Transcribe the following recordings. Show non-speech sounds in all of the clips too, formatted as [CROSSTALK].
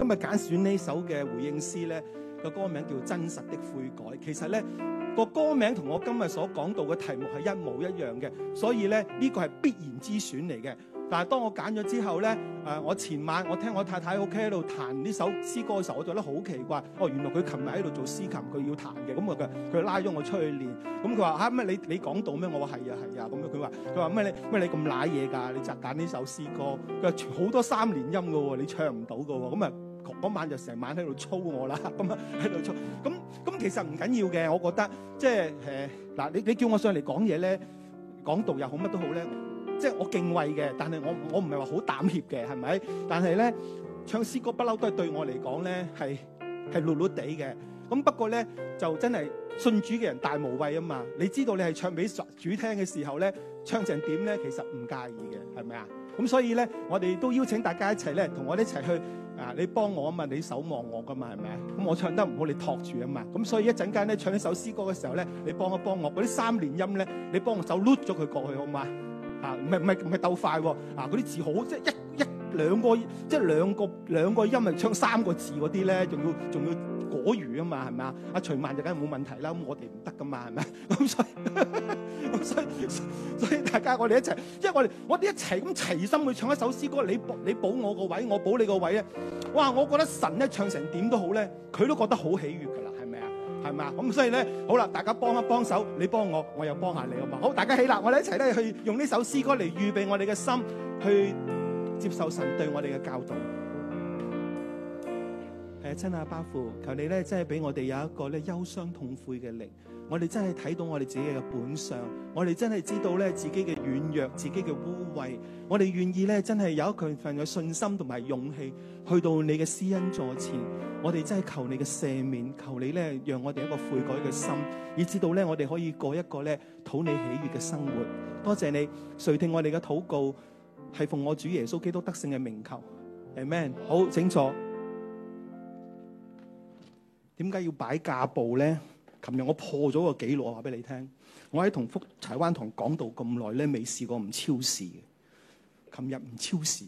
今日揀選呢首嘅回應詩咧，個歌名叫《真實的悔改》。其實咧個歌名同我今日所講到嘅題目係一模一樣嘅，所以咧呢、呢個係必然之選嚟嘅。但係當我揀咗之後咧，誒、呃、我前晚我聽我太太屋企喺度彈呢首詩歌，嘅時候，我就覺得好奇怪。哦，原來佢琴日喺度做詩琴，佢要彈嘅咁啊！佢、嗯、佢拉咗我出去練，咁佢話嚇乜你你講到咩？我話係啊係啊咁樣。佢話佢話乜你乜你咁瀨嘢㗎？你就揀呢首詩歌，佢話好多三連音嘅喎，你唱唔到嘅喎，咁、嗯、啊！嗰晚就成晚喺度操我啦，咁啊喺度操咁咁。其實唔緊要嘅，我覺得即係誒嗱，你你叫我上嚟講嘢咧，講道又好，乜都好咧。即係我敬畏嘅，但係我我唔係話好膽怯嘅，係咪？但係咧唱詩歌不嬲都係對我嚟講咧係係碌碌地嘅。咁不過咧就真係信主嘅人大無畏啊嘛。你知道你係唱俾主聽嘅時候咧，唱成點咧，其實唔介意嘅，係咪啊？咁所以咧，我哋都邀請大家一齊咧，同我哋一齊去。啊！你幫我啊嘛，你守望我㗎嘛，係咪啊？咁我唱得唔好，你托住啊嘛。咁所以一陣間咧，唱一首詩歌嘅時候咧，你幫一幫我。嗰啲三連音咧，你幫我手碌咗佢過去，好嗎？啊，唔係唔係唔係鬥快喎，啊。啊，嗰啲字好，即係一一。一兩個即係兩個兩個音，咪唱三個字嗰啲咧，仲要仲要果餘啊嘛，係咪啊？阿徐曼就梗係冇問題啦，咁我哋唔得噶嘛，係咪啊？咁所以，所以所以大家我哋一齊，即係我哋我哋一齊咁齊心去唱一首詩歌，你你補我個位，我補你個位咧。哇！我覺得神一唱成點都好咧，佢都覺得好喜悅噶啦，係咪啊？係咪啊？咁所以咧，好啦，大家幫一幫手，你幫我，我又幫下你好嘛？好，大家起立，我哋一齊咧去用呢首詩歌嚟預備我哋嘅心去。接受神對我哋嘅教導。誒，親阿爸父，求你咧，真係俾我哋有一個咧憂傷痛悔嘅靈。我哋真係睇到我哋自己嘅本相，我哋真係知道咧自己嘅軟弱、自己嘅污穢。我哋願意咧，真係有一群份嘅信心同埋勇氣，去到你嘅施恩座前。我哋真係求你嘅赦免，求你咧，讓我哋一個悔改嘅心，以致到咧，我哋可以過一個咧討你喜悦嘅生活。多謝你垂聽我哋嘅禱告。係奉我主耶穌基督得勝嘅名求，Amen。好，請坐。點解要擺架步咧？琴日我破咗個紀錄，話俾你聽，我喺同福柴灣堂講道咁耐咧，未試過唔超時嘅。琴日唔超時，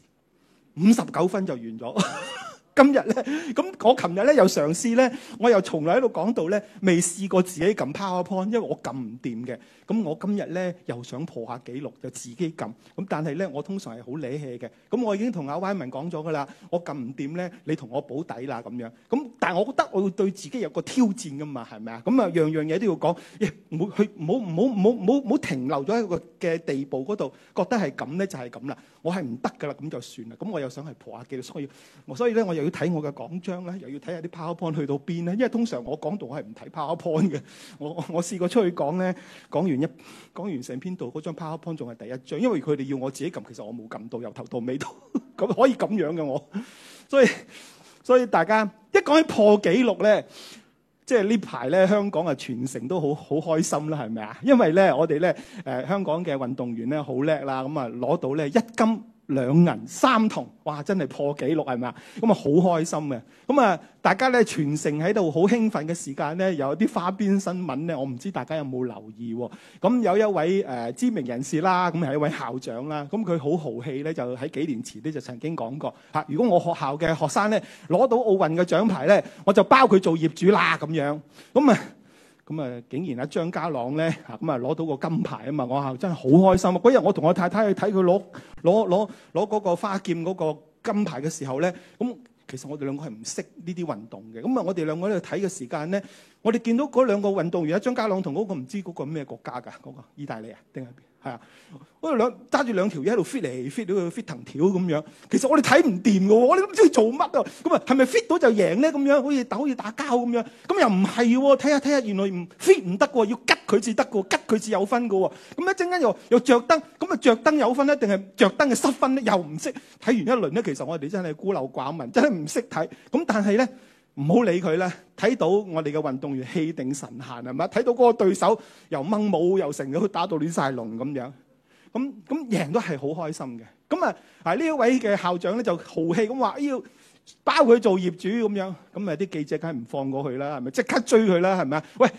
五十九分就完咗。 [LAUGHS] 今日咧，咁我琴日咧又嘗試咧，我又從來喺度講到咧，未試過自己撳 PowerPoint，因為我撳唔掂嘅。咁我今日咧又想破下記錄，就自己撳。咁但係咧，我通常係好瀨氣嘅。咁我已經同阿偉文講咗噶啦，我撳唔掂咧，你同我保底啦咁樣。咁但係我覺得我要對自己有個挑戰噶嘛，係咪啊？咁啊樣樣嘢都要講，唔好去，唔好唔好唔好唔好唔好停留咗一個嘅地步嗰度，覺得係咁咧就係咁啦，我係唔得噶啦，咁就算啦。咁我又想係破下記錄，所以，所以咧我又。又要睇我嘅講章咧，又要睇下啲 powerpoint 去到邊咧。因為通常我講道我係唔睇 powerpoint 嘅。我我試過出去講咧，講完一講完成篇道，嗰張 powerpoint 仲係第一張。因為佢哋要我自己撳，其實我冇撳到，由頭到尾都咁 [LAUGHS] 可以咁樣嘅我，所以所以大家一講起破紀錄咧，即係呢排咧香港啊，全城都好好開心啦，係咪啊？因為咧我哋咧誒香港嘅運動員咧好叻啦，咁啊攞到咧一金。兩銀三銅，哇！真係破紀錄係咪啊？咁啊好開心嘅。咁啊，大家咧全城喺度好興奮嘅時間咧，有啲花邊新聞咧，我唔知大家有冇留意、哦。咁有一位、呃、知名人士啦，咁係一位校長啦。咁佢好豪氣咧，就喺幾年前咧就曾經講過、吓、如果我學校嘅學生咧攞到奧運嘅獎牌咧，我就包佢做業主啦咁樣。咁啊。咁啊，竟然咧張家朗咧，咁啊攞到個金牌啊嘛！我啊真係好開心啊！嗰日我同我太太去睇佢攞攞攞攞嗰個花劍嗰個金牌嘅時候咧，咁其實我哋兩個係唔識呢啲運動嘅。咁啊，我哋兩個咧睇嘅時間咧，我哋見到嗰兩個運動員，張家朗同嗰個唔知嗰個咩國家㗎，嗰個意大利啊定係邊？係啊，我哋揸住兩條嘢喺度 fit 嚟 fit 到佢 fit 藤條咁樣，其實我哋睇唔掂嘅喎，我哋都唔知佢做乜啊？咁啊，係咪 fit 到就贏咧？咁樣好似打好似打交咁樣，咁又唔係喎？睇下睇下，原來唔 fit 唔得喎，要拮佢至得嘅喎，拮佢至有分嘅喎。咁一陣間又又著燈，咁啊着燈有分咧，定係着燈嘅失分咧？又唔識睇完一輪咧，其實我哋真係孤陋寡聞，真係唔識睇。咁但係咧。唔好理佢啦，睇到我哋嘅運動員氣定神閒，係咪？睇到嗰個對手又掹舞又成，佢打到亂晒龍咁樣，咁咁贏都係好開心嘅。咁啊，係呢一位嘅校長咧就豪氣咁話：要包佢做業主咁樣，咁咪啲記者梗係唔放過佢啦，係咪？即刻追佢啦，係咪？喂，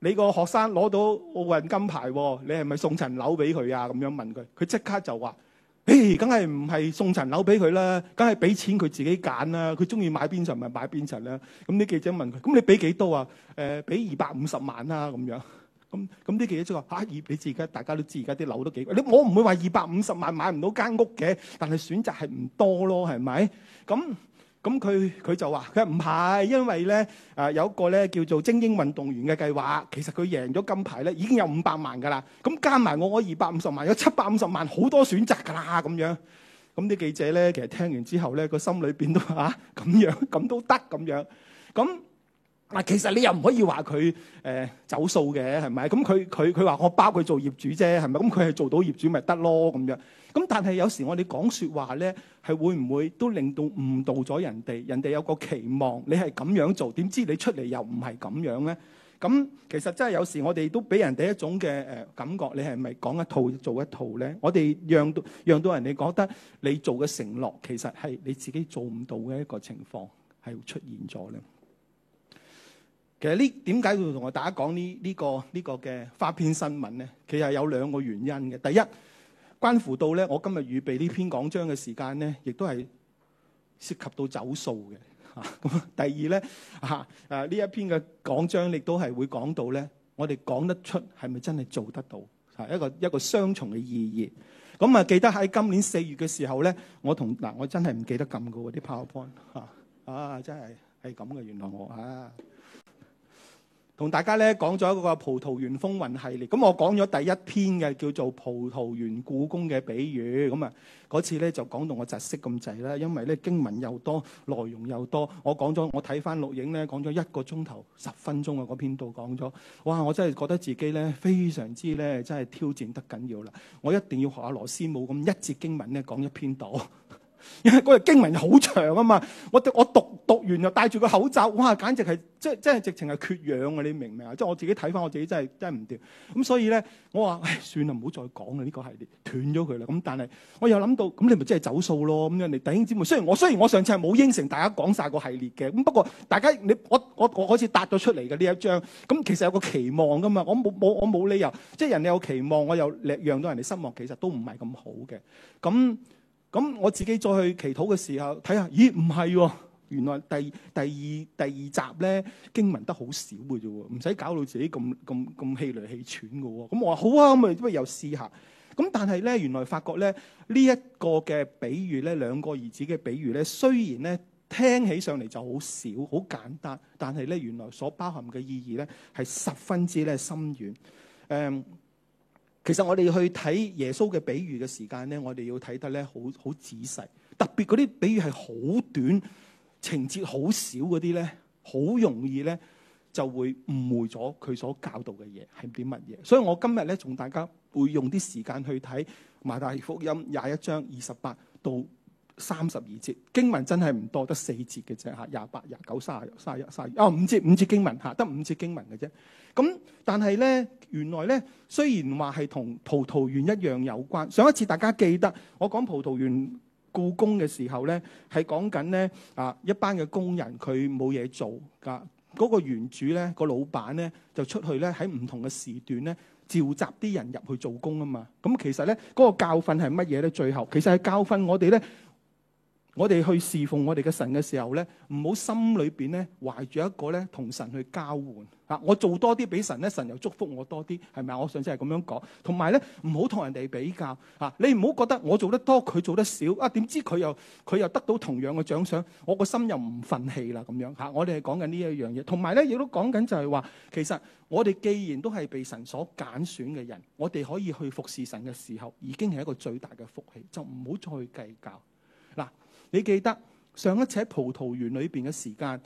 你個學生攞到奧運金牌，你係咪送層樓俾佢啊？咁樣問佢，佢即刻就話。誒，梗係唔係送層樓俾佢啦？梗係俾錢佢自己揀啦，佢中意買邊層咪買邊層啦。咁啲記者問佢：咁你俾幾多、呃、啊？誒，俾二百五十萬啦，咁樣。咁咁啲記者就話：吓，二，你而家大家都知而家啲樓都幾貴。你我唔會話二百五十萬買唔到間屋嘅，但係選擇係唔多咯，係咪？咁。咁佢佢就話：佢話唔係，因為咧誒、呃、有一個咧叫做精英運動員嘅計劃，其實佢贏咗金牌咧已經有五百萬㗎啦。咁加埋我我二百五十萬，有七百五十萬，好多選擇㗎啦。咁樣咁啲記者咧，其實聽完之後咧，個心裏邊都嚇咁、啊、樣，咁都得咁樣。咁嗱，其實你又唔可以話佢、呃、走數嘅係咪？咁佢佢佢話我包佢做業主啫，係咪？咁佢係做到業主咪得咯？咁樣。咁但係有時我哋講說話咧，係會唔會都令到誤導咗人哋？人哋有個期望，你係咁樣做，點知你出嚟又唔係咁樣咧？咁其實真係有時我哋都俾人哋一種嘅誒感覺，你係咪講一套做一套咧？我哋讓到讓到人哋覺得你做嘅承諾，其實係你自己做唔到嘅一個情況係出現咗咧。其實呢點解要同大家講呢呢個呢個嘅花邊新聞咧？其實有兩個原因嘅，第一。關乎到咧，我今日預備呢篇講章嘅時間咧，亦都係涉及到走數嘅嚇。咁 [LAUGHS] 第二咧嚇誒呢一篇嘅講章，亦都係會講到咧，我哋講得出係咪真係做得到？係一個一個雙重嘅意義。咁啊，記得喺今年四月嘅時候咧，我同嗱，我真係唔記得撳嘅喎啲 PowerPoint 嚇啊，真係係咁嘅，原來我啊。同大家咧講咗一個葡萄園風雲系列，咁我講咗第一篇嘅叫做《葡萄園僱工》嘅比喻，咁啊嗰次咧就講到我窒息咁滯啦，因為咧經文又多，內容又多，我講咗我睇返錄影咧講咗一個鐘頭十分鐘啊，嗰篇度講咗，哇！我真係覺得自己咧非常之咧真係挑戰得緊要啦，我一定要學下羅斯冇咁一節經文咧講一篇度。因為嗰日經文好長啊嘛，我我讀讀完又戴住個口罩，哇，簡直係即即係直情係缺氧啊！你明唔明啊？即係我自己睇翻我自己真係真係唔掂，咁所以咧，我話唉，算啦，唔好再講啦，呢個系列斷咗佢啦。咁但係我又諗到，咁你咪即係走數咯。咁樣你弟兄姊妹，雖然我雖然我上次係冇應承大家講晒個系列嘅，咁不過大家你我我我好似答咗出嚟嘅呢一張，咁其實有個期望噶嘛，我冇冇我冇理由，即係人哋有期望，我又讓到人哋失望，其實都唔係咁好嘅，咁。咁我自己再去祈禱嘅時候，睇下，咦，唔係喎，原來第第二第二集咧經文得好少嘅啫喎，唔使搞到自己咁咁咁氣餒氣喘嘅喎、哦。咁我話好啊，咁咪咁咪又試下。咁但係咧，原來發覺咧呢一個、這個嘅比喻咧兩個兒子嘅比喻咧，雖然咧聽起上嚟就好少好簡單，但係咧原來所包含嘅意義咧係十分之咧深遠。誒、嗯。其實我哋去睇耶穌嘅比喻嘅時間咧，我哋要睇得咧好好仔細，特別嗰啲比喻係好短、情節好少嗰啲咧，好容易咧就會誤會咗佢所教導嘅嘢係啲乜嘢。所以我今日咧，同大家會用啲時間去睇馬太福音廿一章二十八到三十二節經文真係唔多，得四節嘅啫嚇，廿八、廿九、卅、卅一、卅二，哦五節五節經文嚇得五節經文嘅啫。咁但係咧，原來咧，雖然話係同葡萄園一樣有關。上一次大家記得我講葡萄園僱工嘅時候咧，係講緊咧啊一班嘅工人佢冇嘢做㗎，嗰個園主咧，個老闆咧就出去咧喺唔同嘅時段咧召集啲人入去做工啊嘛。咁其實咧嗰個教訓係乜嘢咧？最後其實係教訓我哋咧。我哋去侍奉我哋嘅神嘅時候咧，唔好心裏邊咧懷住一個咧同神去交換嚇，我做多啲俾神咧，神又祝福我多啲，係咪啊？我上次係咁樣講，同埋咧唔好同人哋比較嚇，你唔好覺得我做得多佢做得少啊，點知佢又佢又得到同樣嘅獎賞，我個心又唔憤氣啦咁樣嚇。我哋係講緊呢一樣嘢，同埋咧亦都講緊就係話，其實我哋既然都係被神所揀選嘅人，我哋可以去服侍神嘅時候，已經係一個最大嘅福氣，就唔好再計較嗱。你記得上一次喺葡萄園裏邊嘅時間，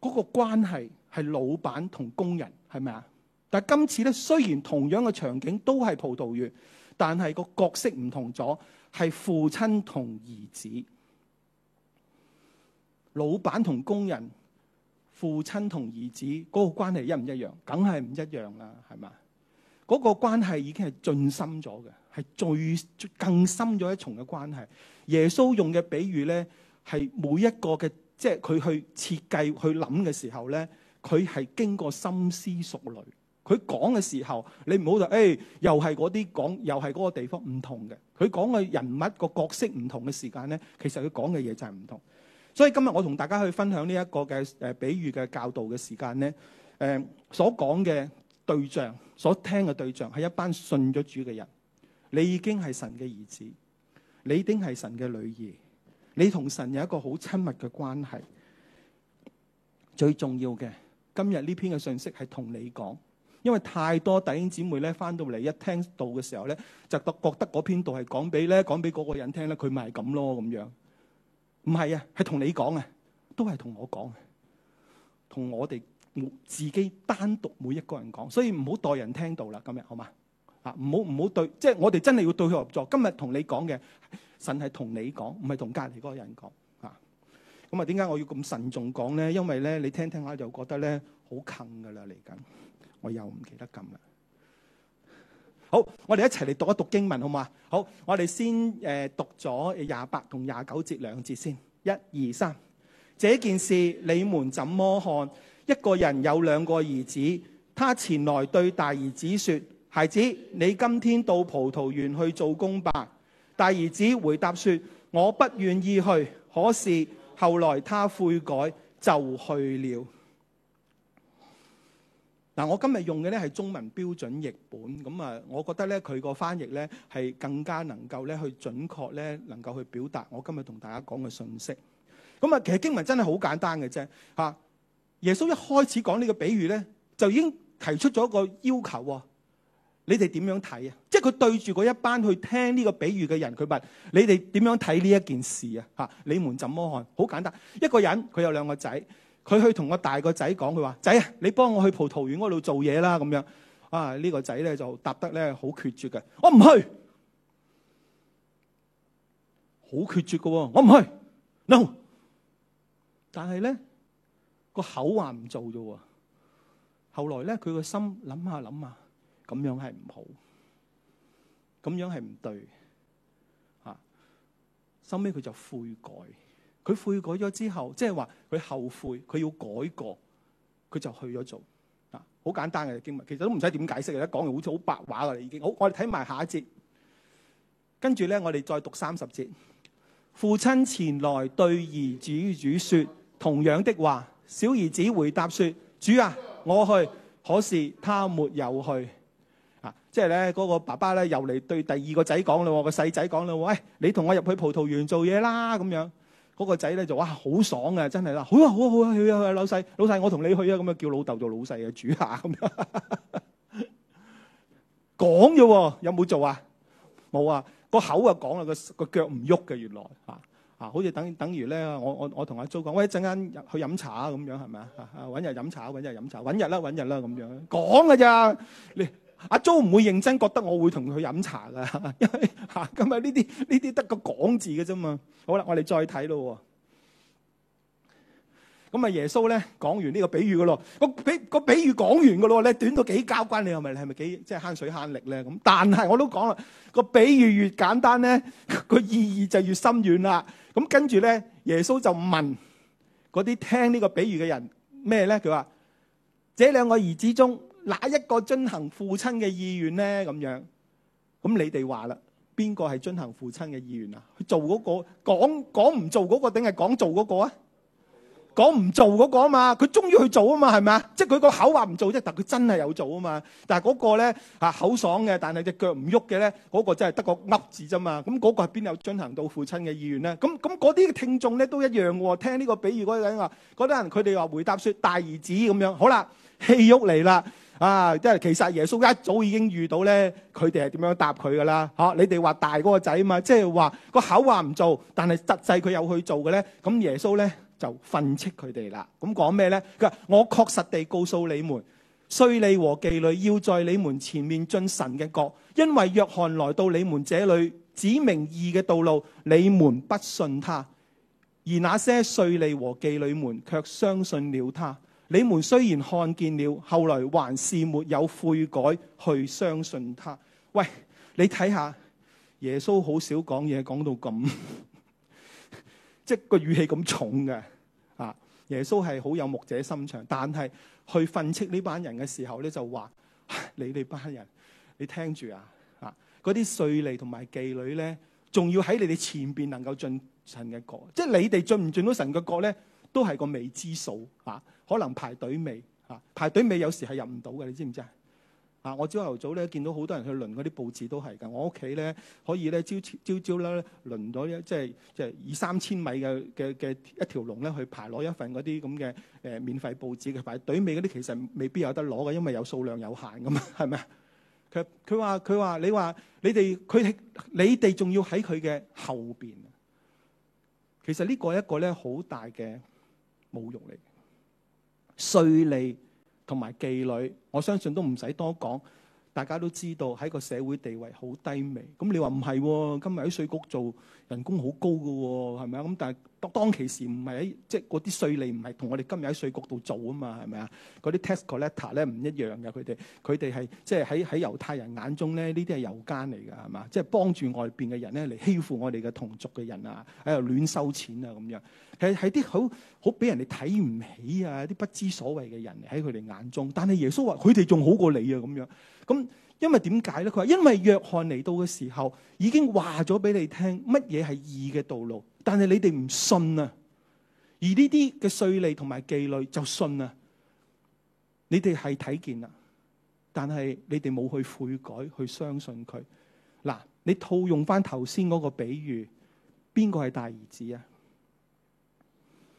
嗰個關係係老闆同工人，係咪啊？但係今次咧，雖然同樣嘅場景都係葡萄園，但係個角色唔同咗，係父親同兒子。老闆同工人，父親同兒子嗰個關係一唔一樣？梗係唔一樣啦，係咪？嗰個關係已經係進深咗嘅，係最更深咗一重嘅關係。耶穌用嘅比喻咧，係每一個嘅，即係佢去設計、去諗嘅時候咧，佢係經過深思熟慮。佢講嘅時候，你唔好話，誒、哎，又係嗰啲講，又係嗰個地方唔同嘅。佢講嘅人物個角色唔同嘅時間咧，其實佢講嘅嘢就係唔同。所以今日我同大家去分享呢一個嘅誒比喻嘅教導嘅時間咧，誒所講嘅對象，所聽嘅對象係一班信咗主嘅人。你已經係神嘅兒子。你丁係神嘅女兒，你同神有一個好親密嘅關係。最重要嘅，今日呢篇嘅信息係同你講，因為太多弟兄姊妹咧翻到嚟一聽到嘅時候咧，就覺覺得嗰篇道係講俾咧講俾嗰個人聽咧，佢咪係咁咯咁樣。唔係啊，係同你講啊，都係同我講，同我哋自己單獨每一個人講，所以唔好待人聽到啦。今日好嘛？啊！唔好唔好對，即係我哋真係要對佢合作。今日同你講嘅神係同你講，唔係同隔籬嗰個人講啊。咁啊，點解我要咁慎重講咧？因為咧，你聽聽下就覺得咧好近噶啦。嚟緊我又唔記得噉啦。好，我哋一齊嚟讀一讀經文，好嘛？好，我哋先誒讀咗廿八同廿九節兩節先，一二三。這件事你們怎麼看？一個人有兩個兒子，他前來對大兒子說。孩子，你今天到葡萄園去做工吧。大兒子回答說：我不願意去。可是後來他悔改，就去了。嗱， [MUSIC] 我今日用嘅咧係中文標準譯本，咁啊，我覺得咧佢個翻譯咧係更加能夠咧去準確咧，能夠去表達我今日同大家講嘅信息。咁啊，其實經文真係好簡單嘅，啫吓。耶穌一開始講呢個比喻咧，就已經提出咗一個要求。你哋點樣睇啊？即係佢對住嗰一班去聽呢個比喻嘅人，佢問：你哋點樣睇呢一件事啊？吓，你們怎麼看？好簡單，一個人佢有兩個仔，佢去同個大個仔講，佢話：仔啊，你幫我去葡萄園嗰度做嘢啦。咁樣啊，呢個仔咧就答得咧好決絕嘅，我唔去，好決絕嘅，我唔去。No，但係咧個口話唔做啫。後來咧佢個心諗下諗下。想想想想咁樣係唔好，咁樣係唔對吓。收尾佢就悔改，佢悔改咗之後，即係話佢後悔，佢要改過，佢就去咗做啊。好簡單嘅經文，其實都唔使點解釋嘅，講嘢好似好白話啦。已經好，我哋睇埋下一節，跟住咧，我哋再讀三十節。父親前來對兒子主說同樣的話，小兒子回答說：主啊，我去。可是他沒有去。即係咧，嗰個爸爸咧又嚟對第二個仔講啦，嗰個細仔講啦，喂、哎，你同我入去葡萄園做嘢啦，咁樣嗰、嗰個仔咧就哇好爽啊，真係啦，好啊，好啊，好啊，去啊，去啊，老細老細，我同你去啊，咁啊叫老豆做老細 [LAUGHS] 啊，煮下咁樣講啫，有冇做啊？冇啊，個口就講啊，個個腳唔喐嘅，原來啊啊，好似等等於咧，我我我同阿周講，我說喂一陣間去飲茶咁樣係咪啊？啊，搵日飲茶，搵日飲茶，搵日啦，搵日啦，咁樣講噶咋？你？阿租唔會認真覺得我會同佢飲茶噶，因為吓咁啊呢啲呢啲得個講字嘅啫嘛。好啦，我哋再睇咯。咁啊，耶穌咧講完呢個比喻噶咯，個比個比喻講完噶咯咧，短到幾交關，你係咪你係咪幾即係慳水慳力咧咁？但係我都講啦，個比喻越簡單咧，個意義就越深遠啦。咁跟住咧，耶穌就問嗰啲聽呢個比喻嘅人咩咧？佢話這兩個兒子中。哪一個遵行父親嘅意願呢？咁樣，咁你哋話啦，邊個係遵行父親嘅意願啊？去做嗰個講講唔做嗰個定係講做嗰個啊？講唔做嗰個啊嘛，佢終於去做啊嘛，係咪啊？即係佢個口話唔做，即係但佢真係有做啊嘛。但係嗰個咧口爽嘅，但係隻腳唔喐嘅咧，嗰、嗰個真係得個噏字咋嘛？咁、那、嗰個係邊有遵行到父親嘅意願呢？咁咁嗰啲聽眾咧都一樣，聽呢個比喻嗰人話，嗰啲人佢哋話回答說大兒子咁樣。好啦，戲喐嚟啦。啊，即係其實耶穌一早已經遇到咧，佢哋係點樣答佢噶啦？吓、啊，你哋話大嗰個仔嘛，即係話個口話唔做，但係實際佢有去做嘅咧。咁耶穌咧就訓斥佢哋啦。咁講咩咧？佢話，我確實地告訴你們，稅吏和妓女要在你們前面進神嘅國。因為約翰來到你們這裏指明義嘅道路，你們不信他，而那些稅吏和妓女們卻相信了他。你們雖然看見了，後來還是沒有悔改，去相信他。喂，你睇下耶穌好少講嘢，講到咁，即係個語氣咁重嘅啊！耶穌係好 [LAUGHS] 有牧者心腸，但係去訓斥呢班人嘅時候咧，就話你哋班人，你聽住啊啊！嗰啲稅吏同埋妓女咧，仲要喺你哋前邊能夠進神嘅國，即係你哋進唔進到神嘅國咧？都係個未知數嚇，可能排隊尾嚇、啊，排隊尾有時係入唔到嘅，你知唔知啊？啊！我朝頭早咧見到好多人去輪嗰啲報紙都係嘅，我屋企咧可以咧朝朝朝朝咧輪咗一即係即係二三千米嘅嘅嘅一條龍咧去排攞一份嗰啲咁嘅誒免費報紙嘅，排隊尾嗰啲其實未必有得攞嘅，因為有數量有限㗎嘛，係咪啊？佢佢話佢話你話你哋佢你哋仲要喺佢嘅後邊，其實呢個係一個咧好大嘅。侮辱嘅稅吏同埋妓女，我相信都唔使多講，大家都知道喺個社會地位好低微。咁你話唔係？今日喺稅局做人工好高嘅喎，係咪啊？咁但係當其時唔係喺即係嗰啲稅吏唔係同我哋今日喺稅局度做啊嘛，係咪啊？嗰啲 tax collector 咧唔一樣嘅，佢哋佢哋係即係喺喺猶太人眼中咧，呢啲係猶奸嚟㗎，係嘛？即係幫住外邊嘅人咧嚟欺負我哋嘅同族嘅人啊，喺度亂收錢啊咁樣。係喺啲好好俾人哋睇唔起啊！啲不知所謂嘅人喺佢哋眼中，但係耶穌話佢哋仲好過你啊！咁樣咁，因為點解咧？佢話因為約翰嚟到嘅時候已經話咗俾你聽乜嘢係義嘅道路，但係你哋唔信啊！而呢啲嘅稅吏同埋妓女就信啊！你哋係睇見啦，但係你哋冇去悔改去相信佢。嗱，你套用翻頭先嗰個比喻，邊個係大兒子啊？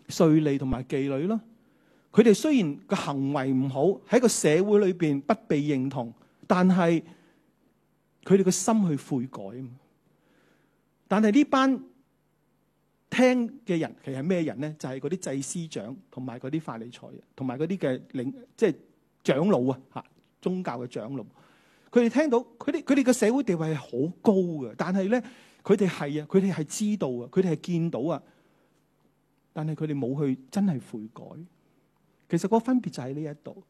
稅吏同埋妓女咯，佢哋雖然個行為唔好，喺個社會裏邊不被認同，但係佢哋個心去悔改啊！但係呢班聽嘅人其實係咩人咧？就係嗰啲祭司長同埋嗰啲法利賽啊，同埋嗰啲嘅領即係長老啊吓，宗教嘅長老。佢哋聽到佢哋佢哋嘅社會地位係好高嘅，但係咧佢哋係啊，佢哋係知道啊，佢哋係見到啊。但係佢哋冇去真係悔改，其實個分別就喺呢一度。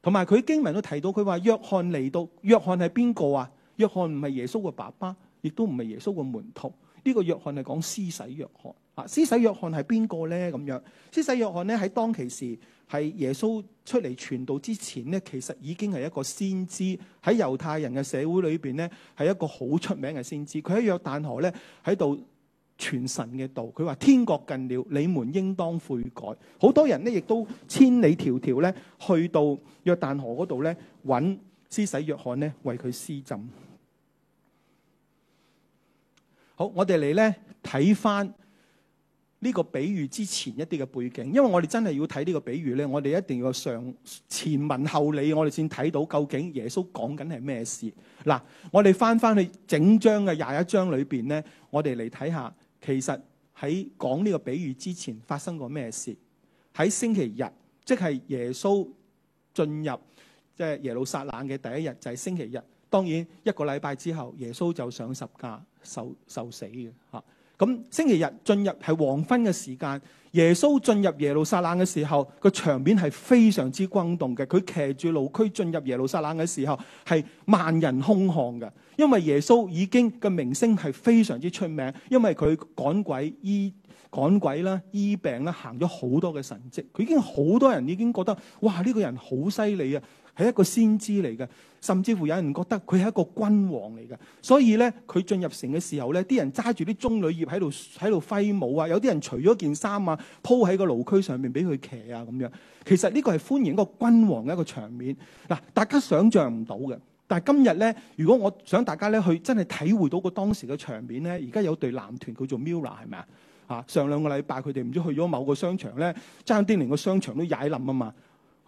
同埋佢經文都提到，佢話約翰嚟到，約翰係邊個啊？約翰唔係耶穌個爸爸，亦都唔係耶穌個門徒。呢個約翰係講施洗約翰啊，施洗約翰係邊個咧？咁樣施洗約翰咧喺當其時係耶穌出嚟傳道之前咧，其實已經係一個先知，喺猶太人嘅社會裏邊咧係一個好出名嘅先知。佢喺約旦河咧喺度。全神嘅道，佢話天國近了，你們應當悔改。好多人呢，亦都千里迢迢咧，去到約旦河嗰度咧，揾施洗約翰咧，為佢施浸。好，我哋嚟咧睇翻呢個比喻之前一啲嘅背景，因為我哋真係要睇呢個比喻咧，我哋一定要上前文後理，我哋先睇到究竟耶穌講緊係咩事。嗱，我哋翻翻去整章嘅廿一章裏邊咧，我哋嚟睇下。其實喺講呢個比喻之前發生過咩事？喺星期日，即係耶穌進入即係耶路撒冷嘅第一日，就係、是、星期日。當然一個禮拜之後，耶穌就上十架受受死嘅咁、啊、星期日進入係黃昏嘅時間，耶穌進入耶路撒冷嘅時候，個場面係非常之轟動嘅。佢騎住驢駒進入耶路撒冷嘅時候，係萬人空巷嘅。因為耶穌已經嘅明星係非常之出名，因為佢趕鬼醫趕鬼啦，醫病啦，行咗好多嘅神跡，佢已經好多人已經覺得哇，呢個人好犀利啊，係一個先知嚟嘅，甚至乎有人覺得佢係一個君王嚟嘅。所以咧，佢進入城嘅時候咧，啲人揸住啲棕櫚葉喺度喺度揮舞啊，有啲人除咗件衫啊，鋪喺個路區上面俾佢騎啊咁樣。其實呢個係歡迎一個君王嘅一個場面，嗱，大家想象唔到嘅。但係今日咧，如果我想大家咧去真係體會到個當時嘅場面咧，而家有對男團叫做 Mirror 係咪啊？上兩個禮拜佢哋唔知去咗某個商場咧，差啲連個商場都踩冧啊嘛，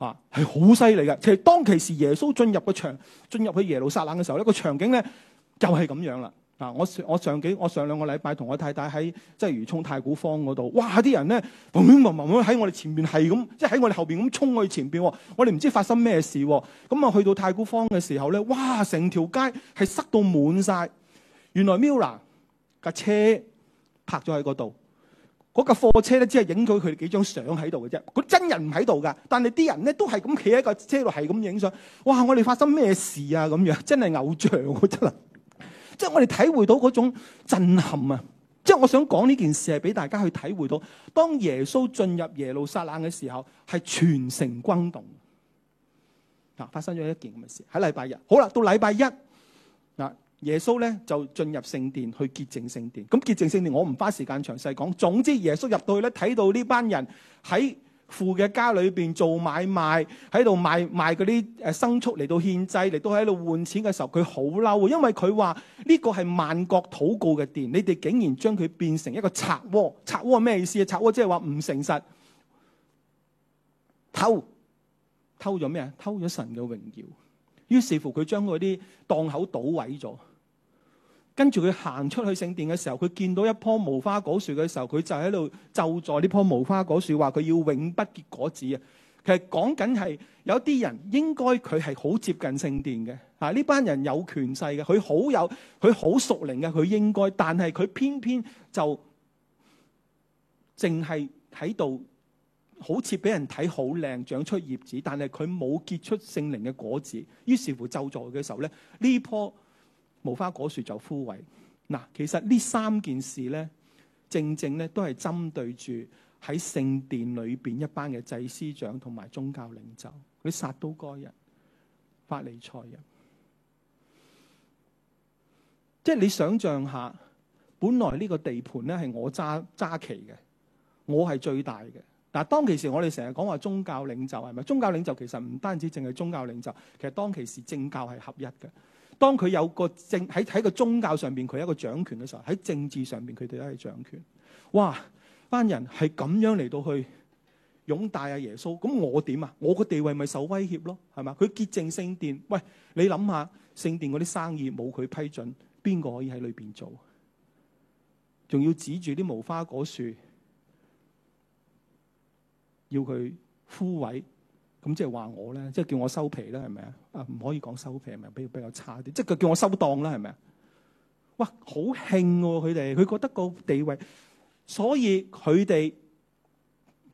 嚇係好犀利嘅。其實當其時耶穌進入個場，進入去耶路撒冷嘅時候，呢、嗰個場景咧就係咁樣啦。我上我上幾我上兩個禮拜同我太太喺即鰂魚涌太古坊嗰度，哇！啲人咧，唔唔唔喺我哋前面係咁，即係喺我哋後邊咁衝去前邊。我哋唔知發生咩事，咁啊去到太古坊嘅時候咧，哇！成條街係塞到滿晒，原來 Mila 架車泊咗喺嗰度，嗰架貨車咧只係影咗佢幾張相喺度嘅啫，嗰真人唔喺度噶，但係啲人咧都係咁企喺架車度，係咁影相。哇！我哋發生咩事啊？咁樣真係偶像真係！即係我哋體會到嗰種震撼啊！即係我想講呢件事係俾大家去體會到，當耶穌進入耶路撒冷嘅時候，係全城轟動啊！發生咗一件咁嘅事喺禮拜日，好啦，到禮拜一啊，耶穌咧就進入聖殿去潔淨聖殿。咁潔淨聖殿我唔花時間詳細講，總之耶穌入到去咧，睇到呢班人喺父嘅家裏邊做買賣，喺度賣賣嗰啲誒牲畜，嚟到獻祭，嚟到喺度換錢嘅時候，佢好嬲，因為佢話呢個係萬國禱告嘅殿，你哋竟然將佢變成一個賊窩。賊窩係咩意思啊？賊窩即係話唔誠實，偷，偷咗咩啊？偷咗神嘅榮耀，於是乎佢將嗰啲檔口搗毀咗。跟住佢行出去聖殿嘅時候，佢見到一棵無花果樹嘅時候，佢就喺度咒詛呢棵無花果樹，話佢要永不結果子啊！其實講緊係有啲人應該佢係好接近聖殿嘅，呢班人有權勢嘅，佢好有佢好屬靈嘅，佢應該，但係佢偏偏就淨係喺度好似俾人睇好靚，長出葉子，但係佢冇結出聖靈嘅果子。於是乎咒詛嘅時候咧，呢棵。無花果樹就枯萎。嗱，其實呢三件事咧，正正咧都係針對住喺聖殿裏邊一班嘅祭司長同埋宗教領袖。佢撒都該人，法利賽人。即係你想象下，本來呢個地盤咧係我揸揸旗嘅，我係最大嘅。但係，當其時我哋成日講話宗教領袖係咪？宗教領袖其實唔單止淨係宗教領袖，其實當其時政教係合一嘅。當佢有個政喺喺個宗教上邊佢係一個掌權嘅時候，喺政治上邊佢哋都係掌權。哇！班人係咁樣嚟到去擁戴阿耶穌，咁我點啊？我個地位咪受威脅咯，係嘛？佢潔淨聖殿，喂，你諗下聖殿嗰啲生意冇佢批准，邊個可以喺裏邊做？仲要指住啲無花果樹要佢枯萎。咁即係話我咧，即係叫我收皮啦，係咪啊？啊，唔可以講收皮，係咪比比較差啲，即係佢叫我收檔啦，係咪啊？哇，好興喎！佢哋，佢覺得個地位，所以佢哋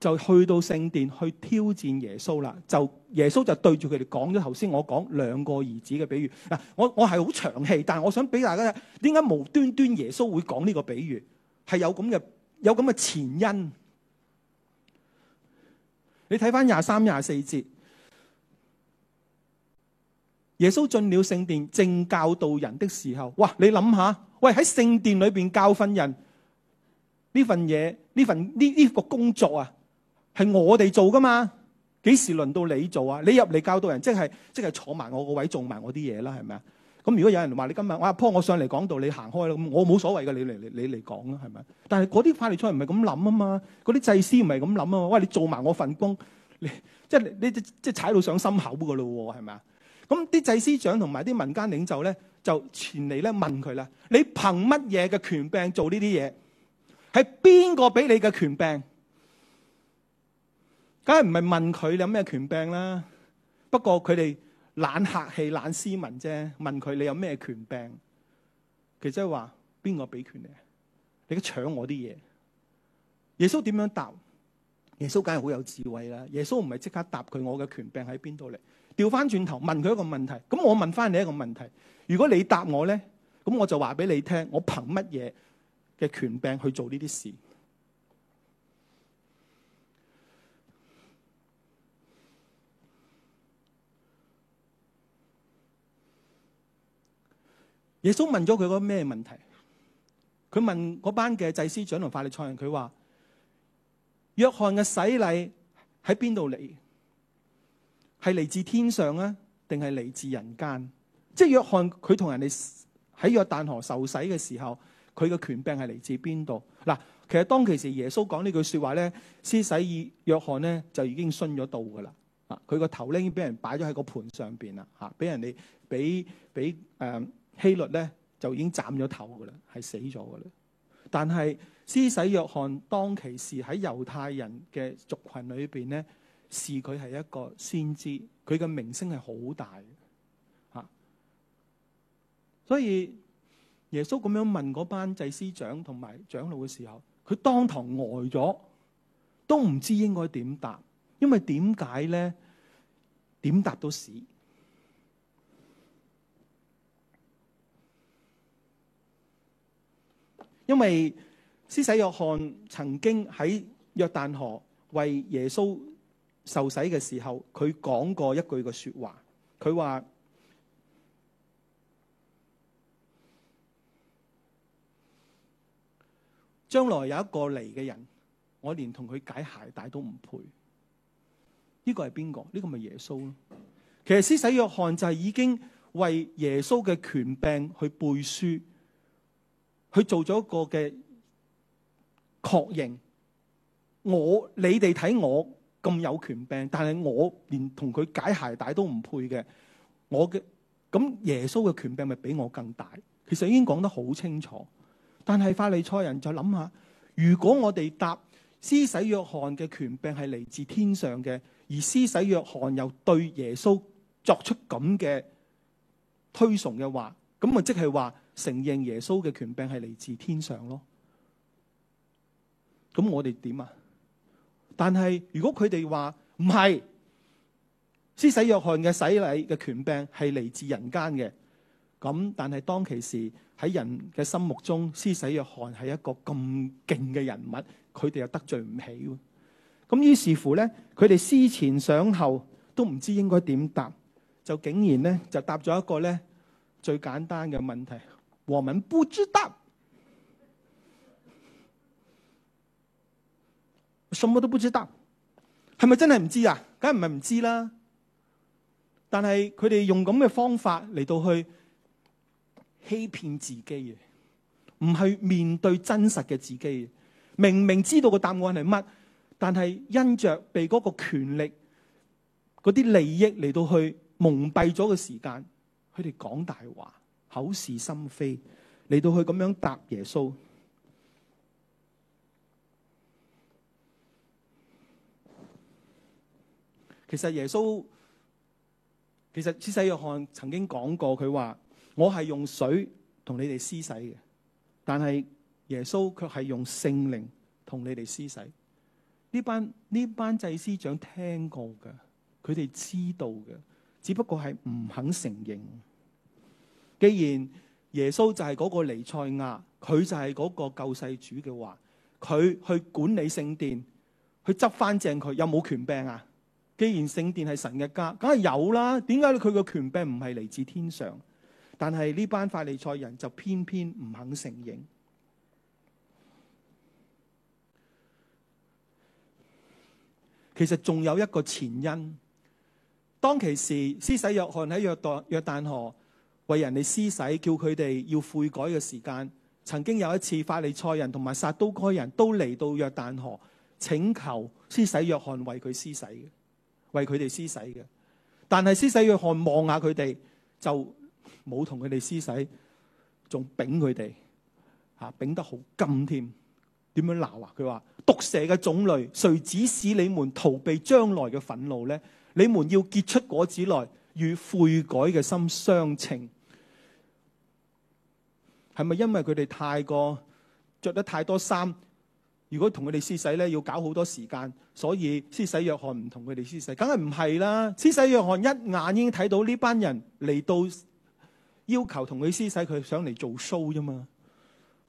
就去到聖殿去挑戰耶穌啦。就耶穌就對住佢哋講咗頭先我講兩個兒子嘅比喻嗱，我我係好長氣，但係我想俾大家咧，點解無端端耶穌會講呢個比喻，係有咁嘅有咁嘅前因。你睇翻廿三廿四節，耶穌進了聖殿，正教導人的時候，哇！你諗下，喂，喺聖殿裏邊教訓人呢份嘢，呢份呢呢、這個工作啊，係我哋做噶嘛？幾時輪到你做啊？你入嚟教導人，即係即係坐埋我個位，做埋我啲嘢啦，係咪啊？咁如果有人話你今日我阿婆我上嚟講道你行開啦，咁我冇所謂嘅，你嚟嚟你嚟講啦，係咪？但係嗰啲法利賽人唔係咁諗啊嘛，嗰啲祭司唔係咁諗啊嘛，喂，你做埋我份工，你即係你即係踩到上心口噶咯喎，係咪啊？咁啲祭司長同埋啲民間領袖咧，就前嚟咧問佢啦：你憑乜嘢嘅權柄做呢啲嘢？係邊個俾你嘅權柄？梗係唔係問佢有咩權柄啦？不過佢哋。懶客氣、懶斯文啫，問佢你有咩權柄？其實係話邊個俾權你？你搶我啲嘢？耶穌點樣答？耶穌梗係好有智慧啦。耶穌唔係即刻答佢我嘅權柄喺邊度嚟？調翻轉頭問佢一個問題。咁我問翻你一個問題。如果你答我咧，咁我就話俾你聽，我憑乜嘢嘅權柄去做呢啲事？耶穌問咗佢個咩問題？佢問嗰班嘅祭司長同法利賽人，佢話：約翰嘅洗禮喺邊度嚟？係嚟自天上啊，定係嚟自人間？即係約翰佢同人哋喺約旦河受洗嘅時候，佢嘅權柄係嚟自邊度？嗱，其實當其時耶穌講呢句說話咧，施洗約翰咧就已經殉咗道噶啦。啊，佢個頭咧已經俾人擺咗喺個盤上邊啦，吓俾人哋俾俾誒。希律咧就已經斬咗頭噶啦，係死咗噶啦。但係施洗約翰當其時喺猶太人嘅族群裏邊咧，視佢係一個先知，佢嘅名聲係好大嘅吓。所以耶穌咁樣問嗰班祭司長同埋長老嘅時候，佢當堂呆咗，都唔知應該點答，因為點解咧？點答都死。因為施洗約翰曾經喺約旦河為耶穌受洗嘅時候，佢講過一句嘅說話，佢話：將來有一個嚟嘅人，我連同佢解鞋帶都唔配。呢個係邊個？呢個咪耶穌咯？其實施洗約翰就係已經為耶穌嘅權柄去背書。佢做咗一個嘅確認，我你哋睇我咁有權柄，但係我連同佢解鞋帶都唔配嘅，我嘅咁耶穌嘅權柄咪比我更大？其實已經講得好清楚，但係法利賽人就諗下，如果我哋答施洗約翰嘅權柄係嚟自天上嘅，而施洗約翰又對耶穌作出咁嘅推崇嘅話，咁咪即係話？承認耶穌嘅權柄係嚟自天上咯，咁我哋點啊？但係如果佢哋話唔係施洗約翰嘅洗禮嘅權柄係嚟自人間嘅，咁但係當其時喺人嘅心目中，施洗約翰係一個咁勁嘅人物，佢哋又得罪唔起，咁於是乎咧，佢哋思前想後都唔知應該點答，就竟然咧就答咗一個咧最簡單嘅問題。我們不知道，什麼都不知道，係咪真係唔知啊？梗係唔係唔知啦。但係佢哋用咁嘅方法嚟到去欺騙自己嘅，唔去面對真實嘅自己。明明知道個答案係乜，但係因着被嗰個權力、嗰啲利益嚟到去蒙蔽咗嘅時間，佢哋講大話。口是心非，嚟到去咁樣答耶穌。其實耶穌，其實施洗約翰曾經講過，佢話我係用水同你哋施洗嘅，但係耶穌卻係用聖靈同你哋施洗。呢班呢班祭司長聽過嘅，佢哋知道嘅，只不過係唔肯承認。既然耶穌就係嗰個尼賽亞，佢就係嗰個救世主嘅話，佢去管理聖殿，去執翻正佢，有冇權柄啊？既然聖殿係神嘅家，梗係有啦。點解佢嘅權柄唔係嚟自天上？但係呢班法利賽人就偏偏唔肯承認。其實仲有一個前因，當其時施洗約翰喺約旦約旦河。為人哋施洗，叫佢哋要悔改嘅時間，曾經有一次，法利賽人同埋撒都該人都嚟到約旦河，請求施洗約翰為佢施洗嘅，為佢哋施洗嘅。但係施洗約翰望下佢哋，就冇同佢哋施洗，仲炳佢哋，吓炳得好甘添。點樣鬧啊？佢話毒蛇嘅種類，誰指使你們逃避將來嘅憤怒咧？你們要結出果子來，與悔改嘅心相稱。」係咪因為佢哋太過着得太多衫？如果同佢哋施洗咧，要搞好多時間，所以施洗約翰唔同佢哋施洗，梗係唔係啦！施洗約翰一眼已經睇到呢班人嚟到要求同佢施洗，佢想嚟做 show 啫嘛！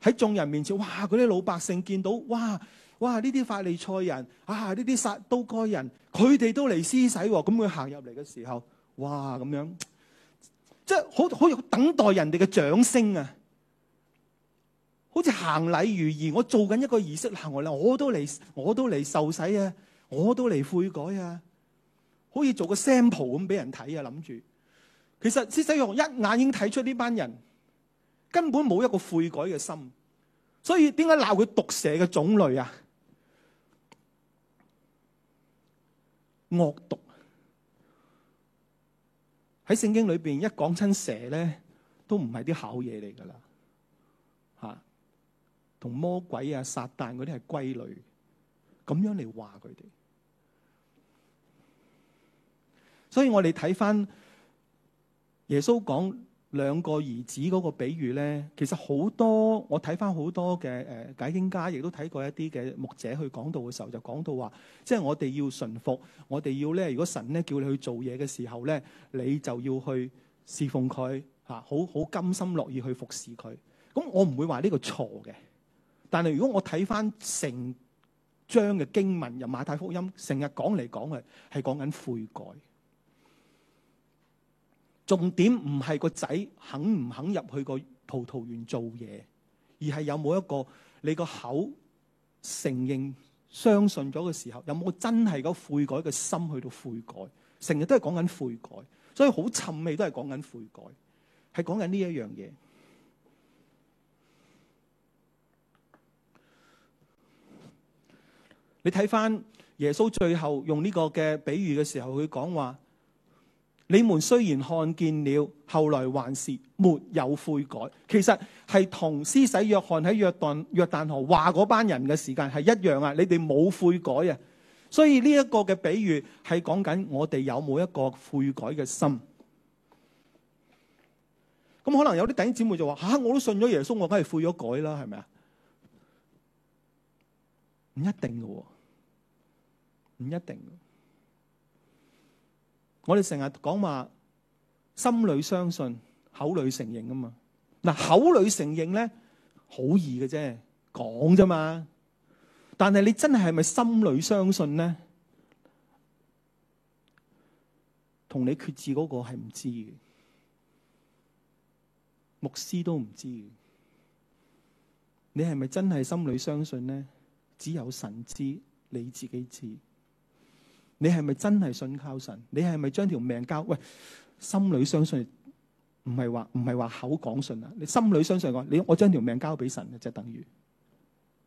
喺眾人面前，哇！嗰啲老百姓見到，哇哇！呢啲法利賽人啊，呢啲撒都該人，佢哋都嚟施洗，咁佢行入嚟嘅時候，哇！咁樣即係好好等待人哋嘅掌聲啊！好似行禮如儀，我做緊一個儀式行禮，我都嚟，我都嚟受洗啊，我都嚟悔改啊，可以做個 sample 咁俾人睇啊。諗住，其實施洗約翰一眼已經睇出呢班人根本冇一個悔改嘅心，所以點解鬧佢毒蛇嘅種類啊？惡毒，喺聖經裏邊一講親蛇咧，都唔係啲巧嘢，嚟噶啦。同魔鬼啊、撒旦嗰啲係歸類，咁樣嚟話，佢哋，所以我哋睇翻耶穌講兩個兒子嗰個比喻咧，其實好多我睇翻好多嘅誒解經家，亦都睇過一啲嘅牧者去講道嘅時候，就講到話，即係我哋要順服，我哋要咧。如果神咧叫你去做嘢嘅時候咧，你就要去侍奉佢嚇，好好甘心樂意去服侍佢。咁我唔會話呢個錯嘅。但係如果我睇翻成章嘅經文，由馬太福音成日講嚟講去，係講緊悔改。重點唔係個仔肯唔肯入去個葡萄園做嘢，而係有冇一個你個口承認、相信咗嘅時候，有冇真係個悔改嘅心去到悔改？成日都係講緊悔改，所以好沉悶都係講緊悔改，係講緊呢一樣嘢。你睇翻耶穌最後用呢個嘅比喻嘅時候，佢講話：你們雖然看見了，後來還是沒有悔改。其實係同施洗約翰喺約旦約旦河話嗰班人嘅時間係一樣啊！你哋冇悔改啊！所以呢一個嘅比喻係講緊我哋有冇一個悔改嘅心。咁可能有啲弟兄姊妹就話：吓、啊，我都信咗耶穌，我梗係悔咗改啦，係咪啊？唔一定嘅，唔一定嘅。我哋成日講話，心裏相信，口裏承認啊嘛。嗱，口裏承認咧，好易嘅啫，講啫嘛。但係你真係係咪心裏相信咧？同你決志嗰個係唔知嘅，牧師都唔知嘅。你係咪真係心裏相信咧？只有神知，你自己知。你係咪真係信靠神？你係咪將條命交？喂，心裏相信，唔係話唔係話口講信啊！你心裏相信我，你我將條命交俾神嘅，即係等於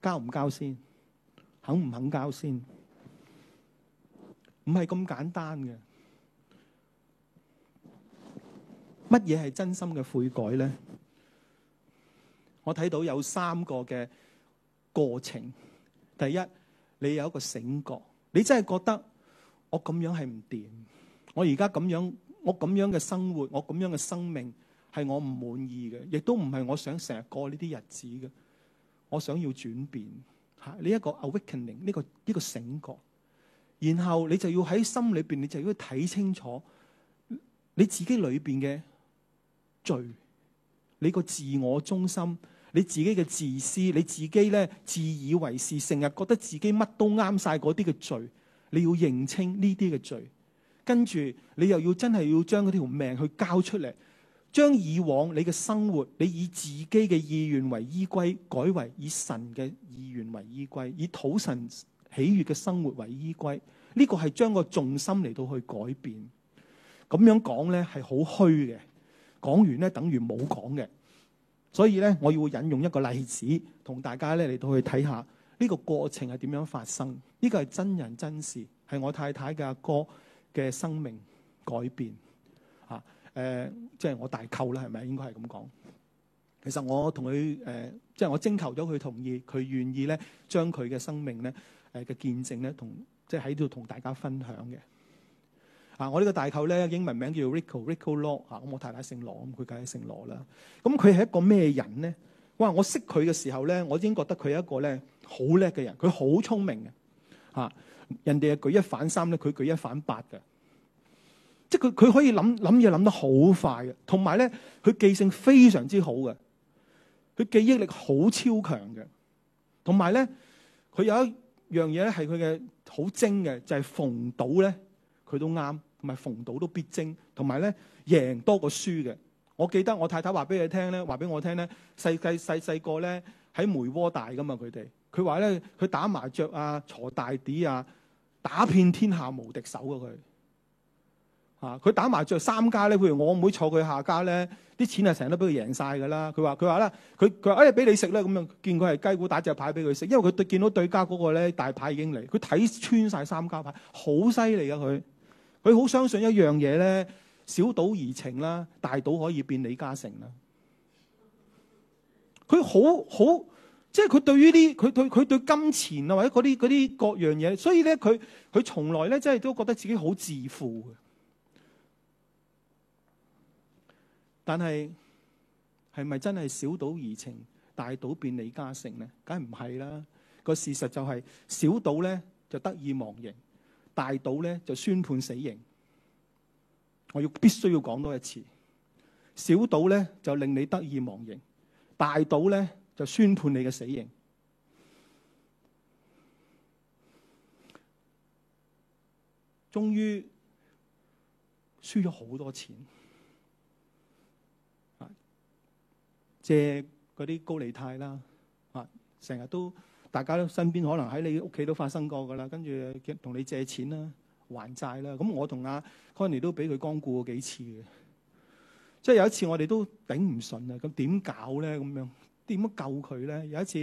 交唔交先，肯唔肯交先，唔係咁簡單嘅。乜嘢係真心嘅悔改咧？我睇到有三個嘅過程。第一，你有一個醒覺，你真係覺得我咁樣係唔掂，我而家咁樣，我咁樣嘅生活，我咁樣嘅生命係我唔滿意嘅，亦都唔係我想成日過呢啲日子嘅，我想要轉變吓，呢一個 awakening，呢個一個醒覺，然後你就要喺心裏邊，你就要睇清楚你自己裏邊嘅罪，你個自我中心。你自己嘅自私，你自己咧自以為是，成日覺得自己乜都啱晒嗰啲嘅罪，你要認清呢啲嘅罪，跟住你又要真係要將嗰條命去交出嚟，將以往你嘅生活，你以自己嘅意願為依歸，改為以神嘅意願為依歸，以討神喜悅嘅生活為依歸，呢個係將個重心嚟到去改變。咁樣講咧係好虛嘅，講完咧等於冇講嘅。所以咧，我要引用一個例子，同大家咧嚟到去睇下呢個過程係點樣發生。呢個係真人真事，係我太太嘅阿哥嘅生命改變嚇。誒，即係我大舅啦，係咪應該係咁講？其實我同佢誒，即係我徵求咗佢同意，佢願意咧將佢嘅生命咧誒嘅見證咧，同即係喺度同大家分享嘅。啊！我呢個大舅咧，英文名叫 Rico，Rico Rico Law。啊，我我太太姓羅，咁佢梗係姓羅啦。咁佢係一個咩人咧？哇！我識佢嘅時候咧，我已經覺得佢係一個咧好叻嘅人，佢好聰明嘅。嚇，人哋係舉一反三咧，佢舉一反八嘅。即係佢佢可以諗諗嘢諗得好快嘅，同埋咧佢記性非常之好嘅，佢記憶力好超強嘅。同埋咧，佢有一樣嘢咧係佢嘅好精嘅，就係逢賭咧。佢都啱，同埋逢賭都必精，同埋咧贏多過輸嘅。我記得我太太話俾佢聽咧，話俾我聽咧，細細細個咧喺梅窩大噶嘛佢哋。佢話咧佢打麻雀啊，鋤大碟啊，打遍天下無敵手噶佢。啊，佢打麻雀三家咧，譬如我妹坐佢下家咧，啲錢啊成日都俾佢贏晒噶啦。佢話佢話咧，佢佢話哎俾你食啦，咁樣見佢係雞股打隻牌俾佢食，因為佢見到對家嗰個咧大牌已經嚟，佢睇穿晒三家牌，好犀利啊佢。他佢好相信一樣嘢咧，小賭怡情啦，大賭可以變李嘉誠啦。佢好好，即係佢對於啲，佢對佢對金錢啊，或者嗰啲嗰啲各樣嘢，所以咧，佢佢從來咧，即係都覺得自己好自負嘅。但係係咪真係小賭怡情，大賭變李嘉誠咧？梗係唔係啦？個事實就係，小賭咧就得意忘形。大賭咧就宣判死刑，我必須要必須要講多一次，小賭咧就令你得意忘形，大賭咧就宣判你嘅死刑。終於輸咗好多錢，借嗰啲高利貸啦，啊，成日都。大家都身邊可能喺你屋企都發生過噶啦，跟住同你借錢啦、還債啦。咁我同阿 Connie 都俾佢光顧過幾次嘅。即係有一次我哋都頂唔順啊，咁點搞咧？咁樣點樣救佢咧？有一次